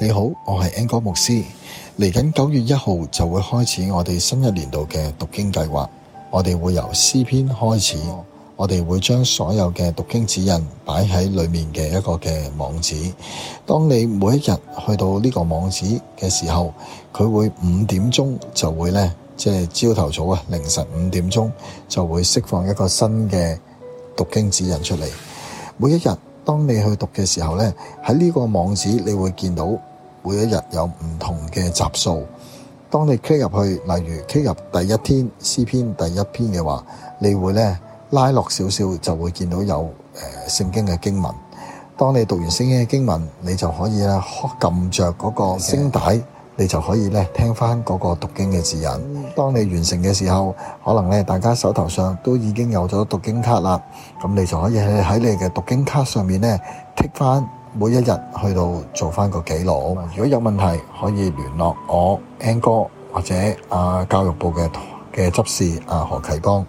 你好，我係 Angus 牧師。嚟緊九月一號就會開始我哋新一年度嘅讀經計劃。我哋會由詩篇開始，我哋會將所有嘅讀經指引擺喺裏面嘅一個嘅網址。當你每一日去到呢個網址嘅時候，佢會五點鐘就會咧，即係朝頭早啊，凌晨五點鐘就會釋放一個新嘅讀經指引出嚟，每一日。當你去讀嘅時候呢，喺呢個網址你會見到每一日有唔同嘅集數。當你 click 入去，例如 click 入第一天詩篇第一篇嘅話，你會呢，拉落少少就會見到有誒、呃、聖經嘅經文。當你讀完聖經嘅經文，你就可以呢，撳着嗰個聲帶。Yeah. 你就可以咧聽翻嗰個讀經嘅指引。當你完成嘅時候，可能咧大家手頭上都已經有咗讀經卡啦。咁你就可以喺你嘅讀經卡上面咧剔翻每一日去到做翻個記錄。如果有問題，可以聯絡我 N 哥或者啊教育部嘅嘅執事啊何啟邦。